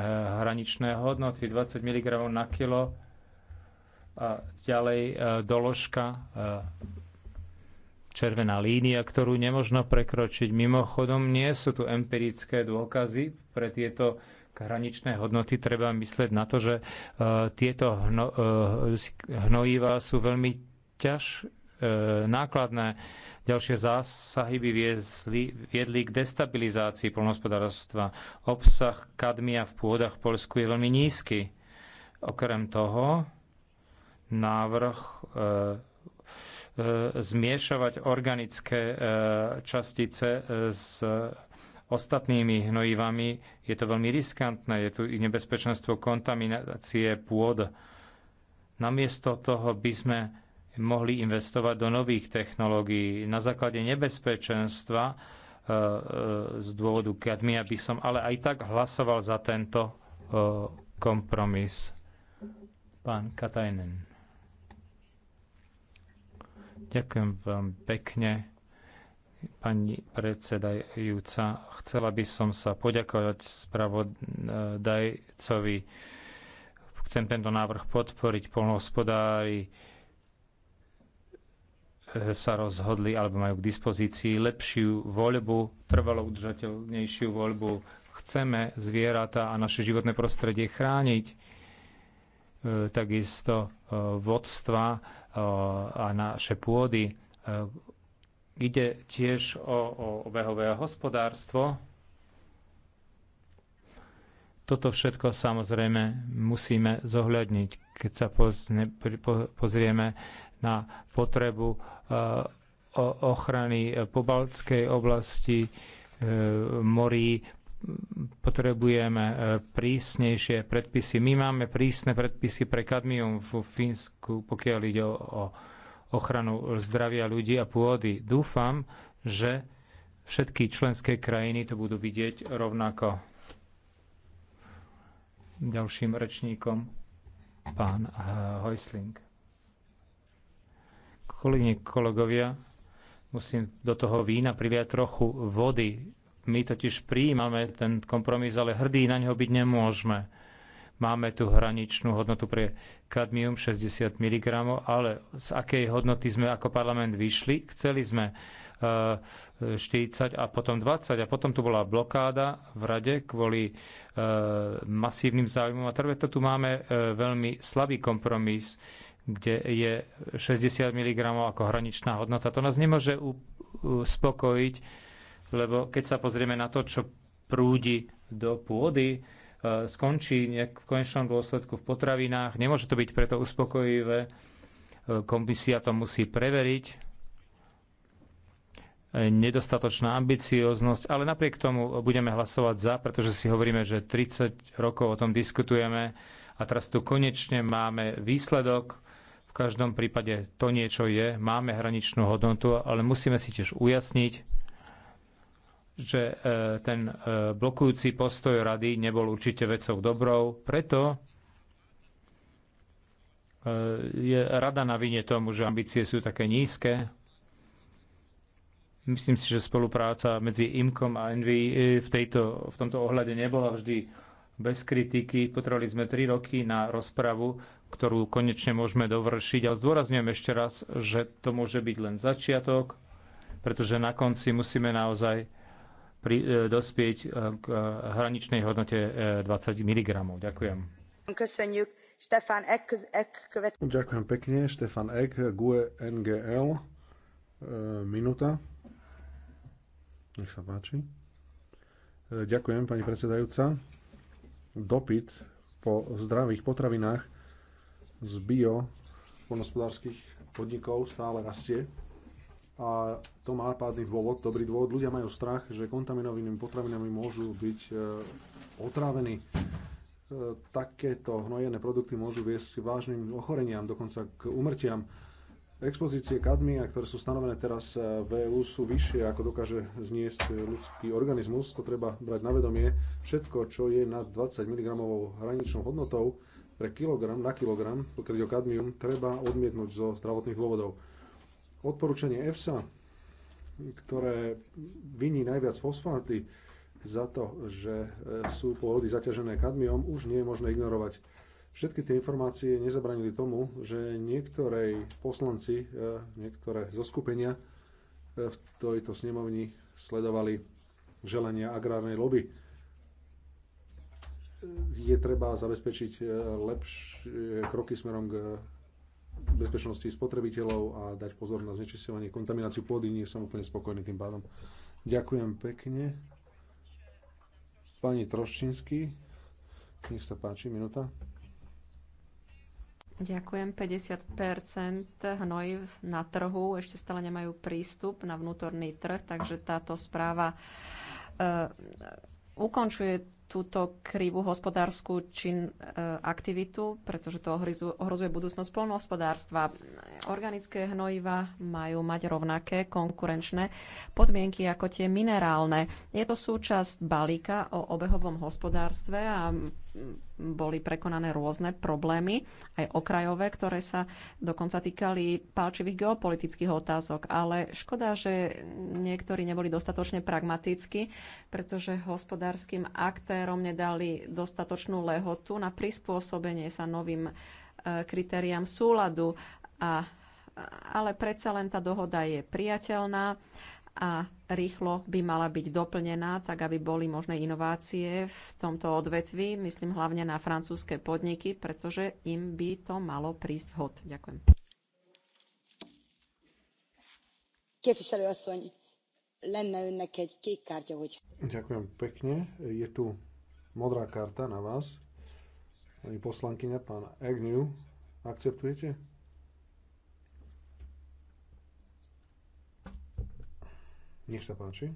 hraničné hodnoty 20 mg na kilo a ďalej doložka červená línia, ktorú nemožno prekročiť. Mimochodom, nie sú tu empirické dôkazy pre tieto hraničné hodnoty. Treba myslieť na to, že tieto hno, hnojiva sú veľmi ťažké E, nákladné. Ďalšie zásahy by viedli, viedli k destabilizácii polnospodárstva. Obsah kadmia v pôdach v Polsku je veľmi nízky. Okrem toho, návrh e, e, zmiešavať organické e, častice e, s ostatnými hnojivami je to veľmi riskantné. Je tu i nebezpečenstvo kontaminácie pôd. Namiesto toho by sme mohli investovať do nových technológií. Na základe nebezpečenstva e, e, z dôvodu kadmia by som ale aj tak hlasoval za tento e, kompromis. Pán Katajnen. Ďakujem veľmi pekne. Pani predsedajúca, chcela by som sa poďakovať spravodajcovi. Chcem tento návrh podporiť. Polnohospodári sa rozhodli alebo majú k dispozícii lepšiu voľbu, trvalo udržateľnejšiu voľbu. Chceme zvieratá a naše životné prostredie chrániť. E, takisto e, vodstva e, a naše pôdy. Ide tiež o, o obehové hospodárstvo. Toto všetko samozrejme musíme zohľadniť, keď sa pozrieme na potrebu ochrany pobaltskej oblasti, e, morí, potrebujeme e, prísnejšie predpisy. My máme prísne predpisy pre kadmium v Fínsku, pokiaľ ide o ochranu zdravia ľudí a pôdy. Dúfam, že všetky členské krajiny to budú vidieť rovnako. Ďalším rečníkom pán e, Heusling. Kolegyne, kolegovia, musím do toho vína priliať trochu vody. My totiž prijímame ten kompromis, ale hrdí na ňo byť nemôžeme. Máme tu hraničnú hodnotu pre kadmium 60 mg, ale z akej hodnoty sme ako parlament vyšli? Chceli sme 40 eh, a potom 20 a potom tu bola blokáda v rade kvôli eh, masívnym záujmom a to tu máme eh, veľmi slabý kompromis kde je 60 mg ako hraničná hodnota. To nás nemôže uspokojiť, lebo keď sa pozrieme na to, čo prúdi do pôdy, e, skončí nejak v konečnom dôsledku v potravinách. Nemôže to byť preto uspokojivé. E, komisia to musí preveriť. E, nedostatočná ambicioznosť, ale napriek tomu budeme hlasovať za, pretože si hovoríme, že 30 rokov o tom diskutujeme a teraz tu konečne máme výsledok. V každom prípade to niečo je, máme hraničnú hodnotu, ale musíme si tiež ujasniť, že e, ten e, blokujúci postoj rady nebol určite vecou dobrou, preto e, je rada na vine tomu, že ambície sú také nízke, Myslím si, že spolupráca medzi IMKOM a NV v, tejto, v tomto ohľade nebola vždy bez kritiky. Potrebovali sme tri roky na rozpravu ktorú konečne môžeme dovršiť. a zdôrazňujem ešte raz, že to môže byť len začiatok, pretože na konci musíme naozaj pri, e, dospieť e, k e, hraničnej hodnote e, 20 mg. Ďakujem. Ďakujem pekne, Štefan Ek, GUE NGL. E, minúta. Nech sa páči. E, ďakujem, pani predsedajúca. Dopyt po zdravých potravinách z bio poľnohospodárských podnikov stále rastie. A to má pádny dôvod, dobrý dôvod. Ľudia majú strach, že kontaminovanými potravinami môžu byť e, otrávení. E, takéto hnojené produkty môžu viesť k vážnym ochoreniam, dokonca k umrtiam. Expozície kadmia, ktoré sú stanovené teraz e, v EU, sú vyššie, ako dokáže zniesť ľudský organizmus. To treba brať na vedomie. Všetko, čo je nad 20 mg hraničnou hodnotou, pre kilogram na kilogram, pokiaľ ide o kadmium, treba odmietnúť zo zdravotných dôvodov. Odporúčanie EFSA, ktoré viní najviac fosfáty za to, že e, sú pôdy zaťažené kadmiom, už nie je možné ignorovať. Všetky tie informácie nezabranili tomu, že niektorej poslanci, e, niektoré zo skupenia e, v tejto snemovni sledovali želania agrárnej lobby je treba zabezpečiť e, lepšie kroky smerom k e, bezpečnosti spotrebiteľov a dať pozor na znečisťovanie, kontamináciu pôdy. Nie som úplne spokojný tým pádom. Ďakujem pekne. Pani Troščínsky, nech sa páči, minúta. Ďakujem. 50 hnojiv na trhu ešte stále nemajú prístup na vnútorný trh, takže táto správa e, ukončuje túto krivú hospodárskú čin, e, aktivitu, pretože to ohrozuje budúcnosť polnohospodárstva. Organické hnojiva majú mať rovnaké konkurenčné podmienky ako tie minerálne. Je to súčasť balíka o obehovom hospodárstve a boli prekonané rôzne problémy, aj okrajové, ktoré sa dokonca týkali palčivých geopolitických otázok. Ale škoda, že niektorí neboli dostatočne pragmatickí, pretože hospodárskym aktérom nedali dostatočnú lehotu na prispôsobenie sa novým e, kritériám súladu. A, ale predsa len tá dohoda je priateľná a rýchlo by mala byť doplnená, tak aby boli možné inovácie v tomto odvetvi, myslím hlavne na francúzske podniky, pretože im by to malo prísť vhod. Ďakujem. Ďakujem pekne. Je tu modrá karta na vás. Pani poslankyňa, pán Agnew, akceptujete? Nech sa páči.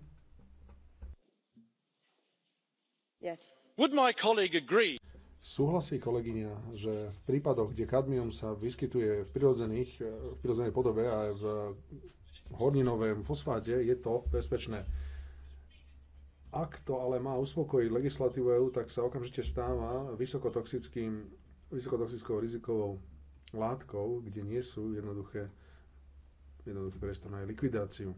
Yes. Would my colleague agree? Súhlasí kolegyňa, že v prípadoch, kde kadmium sa vyskytuje v, prirodzených, e, v prirodzenej podobe a v horninovom fosfáte, je to bezpečné. Ak to ale má uspokojiť legislatívu EU, tak sa okamžite stáva vysokotoxickým, vysokotoxickou rizikovou látkou, kde nie sú jednoduché, jednoduché priestory na likvidáciu.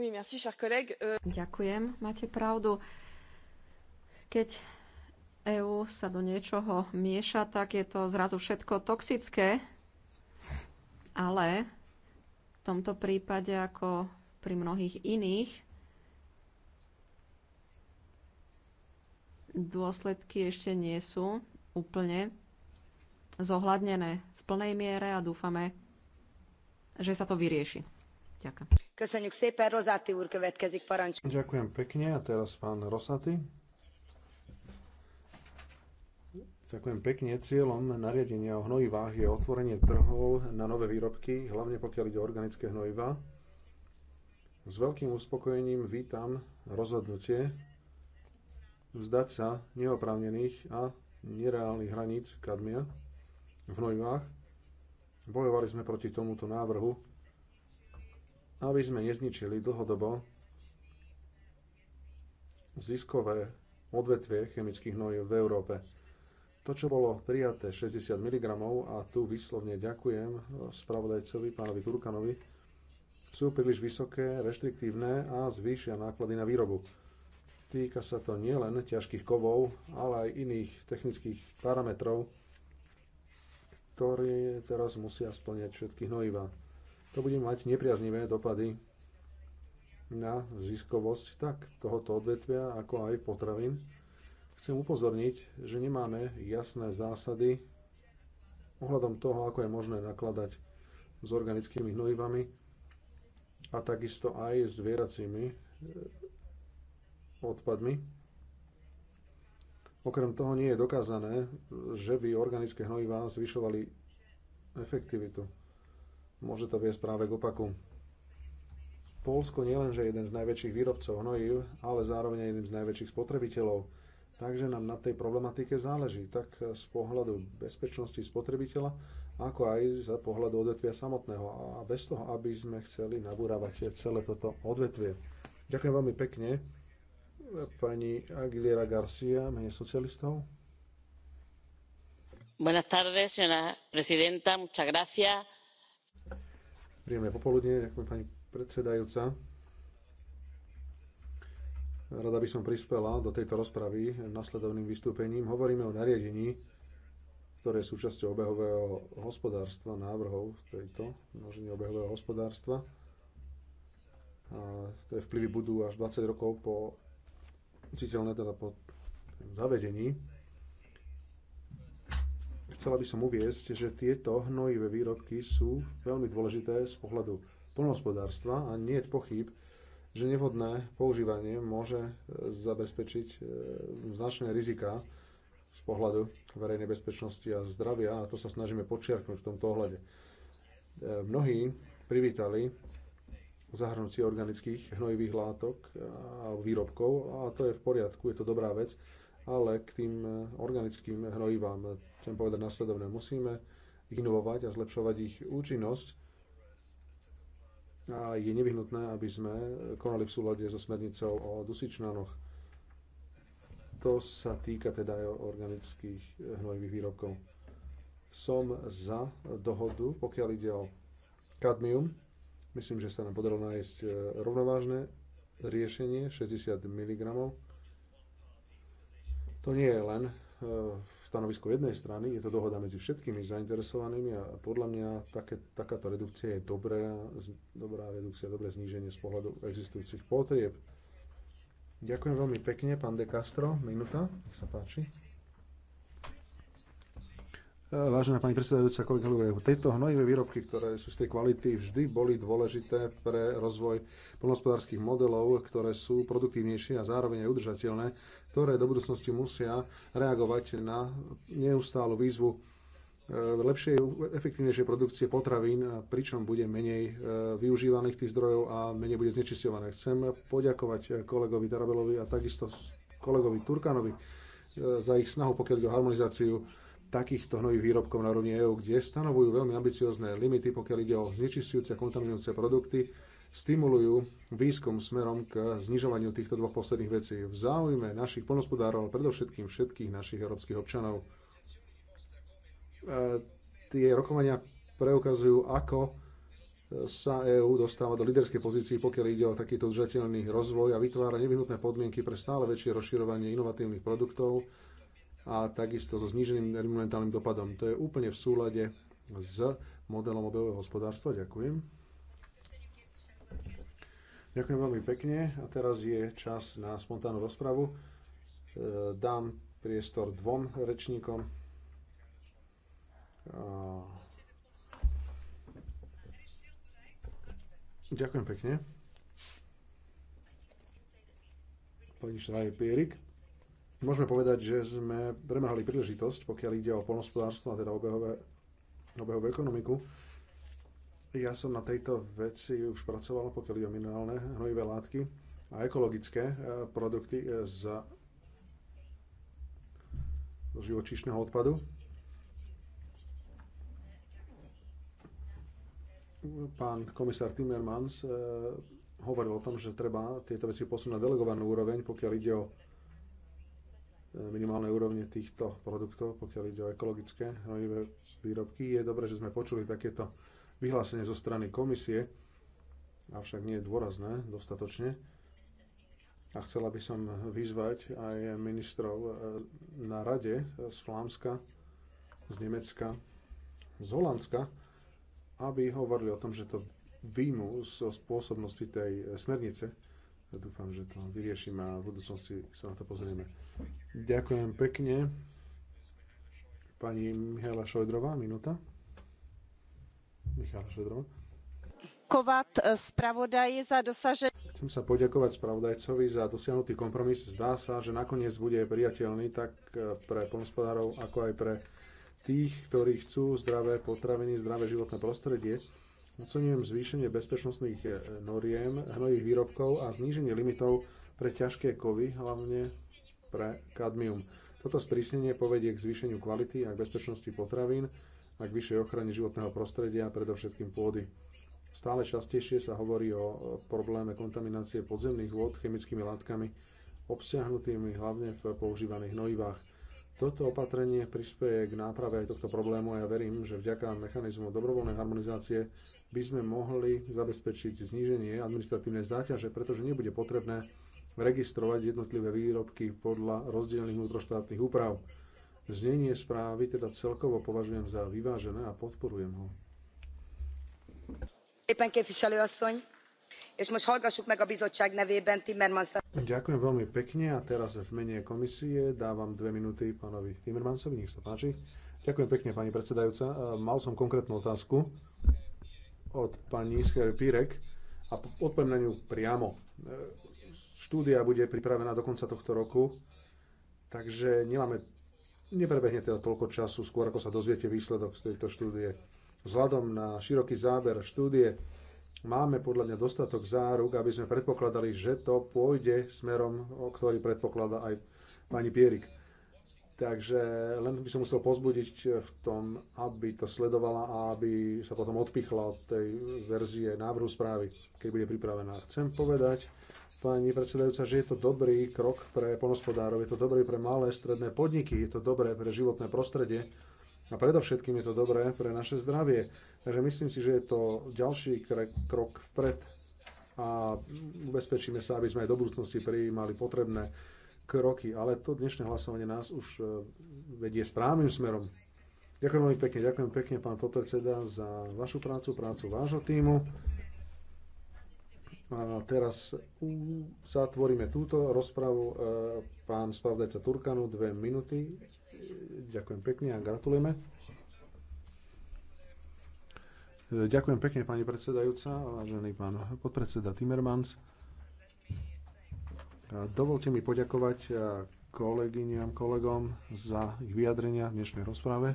Euh, Ďakujem, máte pravdu. Keď EÚ sa do niečoho mieša, tak je to zrazu všetko toxické, ale v tomto prípade, ako pri mnohých iných, dôsledky ešte nie sú úplne zohľadnené v plnej miere a dúfame, že sa to vyrieši. Ďakujem. pekne a teraz pán Rosaty. Ďakujem pekne. Cieľom nariadenia o hnojivách je otvorenie trhov na nové výrobky, hlavne pokiaľ ide o organické hnojiva. S veľkým uspokojením vítam rozhodnutie vzdať sa neoprávnených a nereálnych hraníc kadmia v hnojivách. Bojovali sme proti tomuto návrhu aby sme nezničili dlhodobo ziskové odvetvie chemických hnojív v Európe. To, čo bolo prijaté 60 mg, a tu vyslovne ďakujem spravodajcovi, pánovi Turkanovi, sú príliš vysoké, reštriktívne a zvýšia náklady na výrobu. Týka sa to nielen ťažkých kovov, ale aj iných technických parametrov, ktoré teraz musia splňať všetky hnojiva to bude mať nepriaznivé dopady na ziskovosť tak tohoto odvetvia, ako aj potravín. Chcem upozorniť, že nemáme jasné zásady ohľadom toho, ako je možné nakladať s organickými hnojivami a takisto aj s zvieracími e, odpadmi. Okrem toho nie je dokázané, že by organické hnojivá zvyšovali efektivitu môže to viesť práve k opaku. Polsko nie že je jeden z najväčších výrobcov hnojív, ale zároveň aj jedným z najväčších spotrebiteľov. Takže nám na tej problematike záleží, tak z pohľadu bezpečnosti spotrebiteľa, ako aj z pohľadu odvetvia samotného. A bez toho, aby sme chceli nabúravať celé toto odvetvie. Ďakujem veľmi pekne pani Aguilera Garcia, mene socialistov. Buenas tardes, señora presidenta, muchas gracias Príjemné popoludne, ďakujem pani predsedajúca. Rada by som prispela do tejto rozpravy nasledovným vystúpením. Hovoríme o nariadení, ktoré je súčasťou obehového hospodárstva, návrhov tejto množenie obehového hospodárstva. A tie vplyvy budú až 20 rokov po citeľné teda po zavedení Chcela by som uviezť, že tieto hnojivé výrobky sú veľmi dôležité z pohľadu polnohospodárstva a nie je pochyb, že nevhodné používanie môže e, zabezpečiť e, značné rizika z pohľadu verejnej bezpečnosti a zdravia a to sa snažíme počiarknúť v tomto ohľade. E, mnohí privítali zahrnutie organických hnojivých látok a výrobkov a to je v poriadku, je to dobrá vec ale k tým e, organickým hnojivám e, chcem povedať následovné. Musíme inovovať a zlepšovať ich účinnosť a je nevyhnutné, aby sme konali v súlade so smernicou o dusičnanoch. To sa týka teda aj organických e, hnojivých výrobkov. Som za dohodu, pokiaľ ide o kadmium. Myslím, že sa nám podarilo nájsť rovnovážne riešenie 60 mg to nie je len e, stanovisko jednej strany, je to dohoda medzi všetkými zainteresovanými a podľa mňa také, takáto redukcia je dobrá, dobrá redukcia, dobré zníženie z pohľadu existujúcich potrieb. Ďakujem veľmi pekne, pán De Castro, minúta, nech sa páči. Vážená pani predsedajúca, kolegovia, tieto hnojivé výrobky, ktoré sú z tej kvality, vždy boli dôležité pre rozvoj plnohospodárských modelov, ktoré sú produktívnejšie a zároveň aj udržateľné, ktoré do budúcnosti musia reagovať na neustálu výzvu e, lepšej, efektívnejšej produkcie potravín, pričom bude menej e, využívaných tých zdrojov a menej bude znečisťované. Chcem poďakovať kolegovi Tarabelovi a takisto kolegovi Turkanovi e, za ich snahu, pokiaľ ide o harmonizáciu takýchto hnových výrobkov na rovni EÚ, kde stanovujú veľmi ambiciozne limity, pokiaľ ide o znečistujúce a kontaminujúce produkty, stimulujú výskum smerom k znižovaniu týchto dvoch posledných vecí v záujme našich polnospodárov, ale predovšetkým všetkých našich európskych občanov. E, tie rokovania preukazujú, ako e, sa EÚ dostáva do líderskej pozícii, pokiaľ ide o takýto udržateľný rozvoj a vytvára nevyhnutné podmienky pre stále väčšie rozširovanie inovatívnych produktov, a takisto so zníženým environmentálnym dopadom. To je úplne v súlade s modelom obehového hospodárstva. Ďakujem. Ďakujem veľmi pekne a teraz je čas na spontánnu rozpravu. E, dám priestor dvom rečníkom. Ďakujem pekne. Pani Šraje Pierik. Môžeme povedať, že sme premrhali príležitosť, pokiaľ ide o polnospodárstvo, a teda obehové, obehovú ekonomiku. Ja som na tejto veci už pracoval, pokiaľ ide o minerálne hnojivé látky a ekologické e, produkty e, z živočíšneho odpadu. Pán komisár Timmermans e, hovoril o tom, že treba tieto veci posunúť na delegovanú úroveň, pokiaľ ide o E, minimálnej úrovne týchto produktov, pokiaľ ide o ekologické hnojivé výrobky. Je dobré, že sme počuli takéto vyhlásenie zo strany komisie, avšak nie je dôrazné dostatočne. A chcela by som vyzvať aj ministrov e, na rade z Flámska, z Nemecka, z Holandska, aby hovorili o tom, že to výjmu zo spôsobnosti tej smernice, ja dúfam, že to vyriešim a v budúcnosti sa na to pozrieme. Ďakujem pekne. Pani Michála Šojdrová, minúta. Michála Šojdrová. Eh, Spravodaj za dosaženie. Chcem sa poďakovať spravodajcovi za dosiahnutý kompromis. Zdá sa, že nakoniec bude priateľný tak eh, pre pomospodárov ako aj pre tých, ktorí chcú zdravé potraviny, zdravé životné prostredie Oceňujem zvýšenie bezpečnostných e, noriem hnojivých výrobkov a zníženie limitov pre ťažké kovy, hlavne pre kadmium. Toto sprísnenie povedie k zvýšeniu kvality a k bezpečnosti potravín a k vyššej ochrane životného prostredia a predovšetkým pôdy. Stále častejšie sa hovorí o probléme kontaminácie podzemných vôd chemickými látkami, obsiahnutými hlavne v používaných hnojivách. Toto opatrenie prispieje k náprave aj tohto problému a ja verím, že vďaka mechanizmu dobrovoľnej harmonizácie by sme mohli zabezpečiť zníženie administratívnej záťaže, pretože nebude potrebné registrovať jednotlivé výrobky podľa rozdielných vnútroštátnych úprav. Znenie správy teda celkovo považujem za vyvážené a podporujem ho és most hallgassuk meg a bizottság nevében Timmermans. Ďakujem veľmi pekne a teraz v mene komisie dávam dve minúty pánovi Timmermansovi, nech sa páči. Ďakujem pekne, pani predsedajúca. E, mal som konkrétnu otázku od pani ischer Pírek a odpoviem na ňu priamo. E, štúdia bude pripravená do konca tohto roku, takže nemáme, neprebehne teda toľko času, skôr ako sa dozviete výsledok z tejto štúdie. Vzhľadom na široký záber štúdie, Máme podľa mňa dostatok záruk, aby sme predpokladali, že to pôjde smerom, o ktorý predpokladá aj pani Pierik. Takže len by som musel pozbudiť v tom, aby to sledovala a aby sa potom odpichla od tej verzie návrhu správy, keď bude pripravená. Chcem povedať, pani predsedajúca, že je to dobrý krok pre ponospodárov, je to dobré pre malé stredné podniky, je to dobré pre životné prostredie a predovšetkým je to dobré pre naše zdravie Takže myslím si, že je to ďalší krok vpred a ubezpečíme sa, aby sme aj do budúcnosti prijímali potrebné kroky. Ale to dnešné hlasovanie nás už e, vedie správnym smerom. Ďakujem veľmi pekne, ďakujem pekne pán podpredseda za vašu prácu, prácu vášho týmu. A teraz zatvoríme túto rozpravu. E, pán spravodajca Turkanu, dve minúty. Ďakujem pekne a gratulujeme. Ďakujem pekne, pani predsedajúca, vážený pán podpredseda Timmermans. Dovolte mi poďakovať kolegyňam, kolegom za ich vyjadrenia v dnešnej rozprave.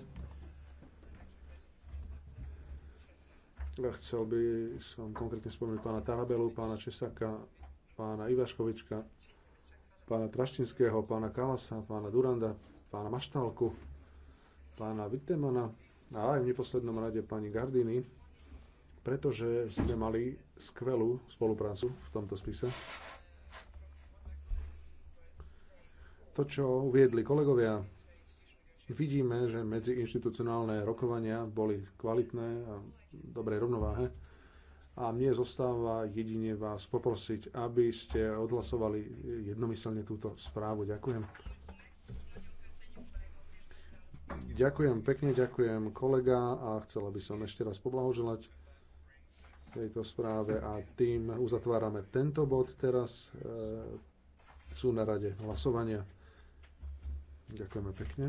Chcel by som konkrétne spomenúť pána Tarabelu, pána Česaka, pána Ivaškovička, pána Traštinského, pána Kalasa, pána Duranda, pána Maštálku, pána Vitemana a aj v neposlednom rade pani Gardiny, pretože sme mali skvelú spoluprácu v tomto spise. To, čo uviedli kolegovia, vidíme, že medziinstitucionálne rokovania boli kvalitné a dobrej rovnováhe. A mne zostáva jedine vás poprosiť, aby ste odhlasovali jednomyselne túto správu. Ďakujem. Ďakujem pekne, ďakujem kolega a chcela by som ešte raz poblahoželať tejto správe a tým uzatvárame tento bod. Teraz e, sú na rade hlasovania. Ďakujeme pekne.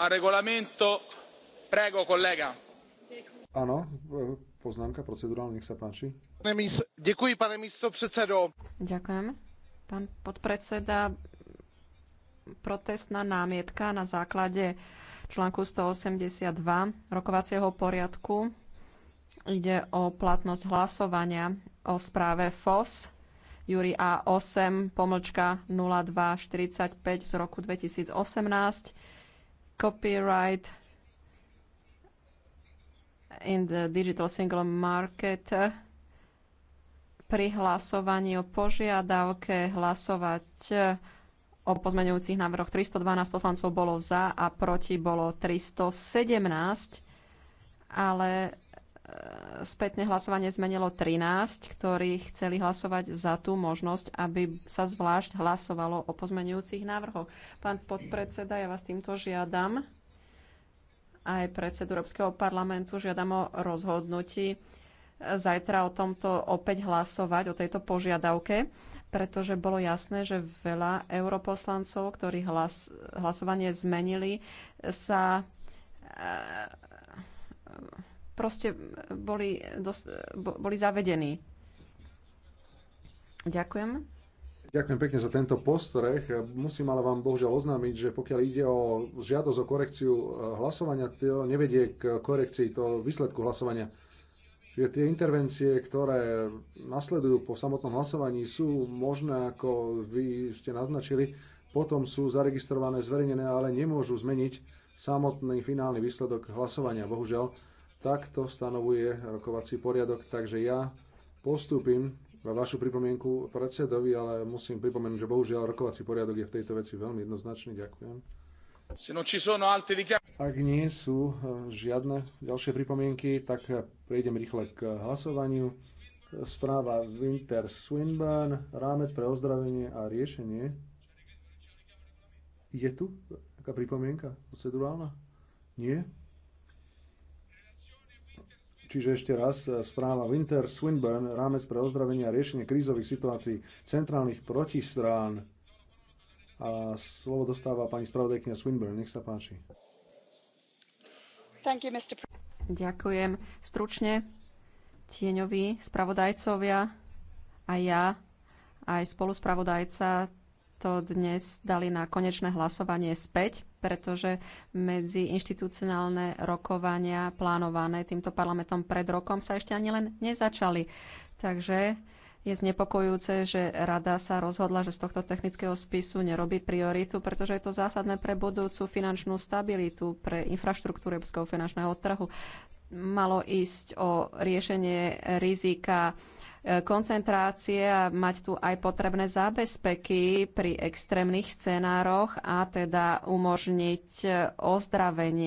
a regolamento. Prego, kolega. Áno, e, poznámka procedurálna, nech sa páči. Ďakujem, pane místo predsedo. Ďakujem. Pán podpredseda, protestná námietka na základe článku 182 rokovacieho poriadku. Ide o platnosť hlasovania o správe FOS Júri A8 pomlčka 0245 z roku 2018 copyright in the digital single market pri hlasovaní o požiadavke hlasovať eh, o pozmeňujúcich návrhoch 312 poslancov bolo za a proti bolo 317, ale spätne hlasovanie zmenilo 13, ktorí chceli hlasovať za tú možnosť, aby sa zvlášť hlasovalo o pozmenujúcich návrhoch. Pán podpredseda, ja vás týmto žiadam, aj predsedu Európskeho parlamentu žiadam o rozhodnutí zajtra o tomto opäť hlasovať, o tejto požiadavke, pretože bolo jasné, že veľa europoslancov, ktorí hlas, hlasovanie zmenili, sa e, proste boli, dos, boli zavedení. Ďakujem. Ďakujem pekne za tento postreh. Musím ale vám bohužiaľ oznámiť, že pokiaľ ide o žiadosť o korekciu eh, hlasovania, to nevedie k korekcii toho výsledku hlasovania. Čiže tie intervencie, ktoré nasledujú po samotnom hlasovaní, sú možné, ako vy ste naznačili, potom sú zaregistrované, zverejnené, ale nemôžu zmeniť samotný finálny výsledok hlasovania, bohužiaľ Takto stanovuje rokovací poriadok, takže ja postúpim vašu pripomienku predsedovi, ale musím pripomenúť, že bohužiaľ rokovací poriadok je v tejto veci veľmi jednoznačný. Ďakujem. Ak nie sú eh, žiadne ďalšie pripomienky, tak eh, prejdem rýchle k hlasovaniu. Správa Winter Swinburne, rámec pre ozdravenie a riešenie. Je tu taká pripomienka procedurálna? Nie? Čiže ešte raz, e, správa Winter Swinburne, rámec pre ozdravenie a riešenie krízových situácií centrálnych protistrán. A slovo dostáva pani spravodajkňa Swinburne, nech sa páči. You, Ďakujem. Stručne tieňoví spravodajcovia a ja aj spoluspravodajca to dnes dali na konečné hlasovanie späť pretože medzi inštitucionálne rokovania plánované týmto parlamentom pred rokom sa ešte ani len nezačali. Takže je znepokojúce, že rada sa rozhodla, že z tohto technického spisu nerobí prioritu, pretože je to zásadné pre budúcu finančnú stabilitu, pre infraštruktúru európskeho finančného trhu. Malo ísť o riešenie rizika koncentrácie a mať tu aj potrebné zábezpeky pri extrémnych scenároch a teda umožniť ozdravenie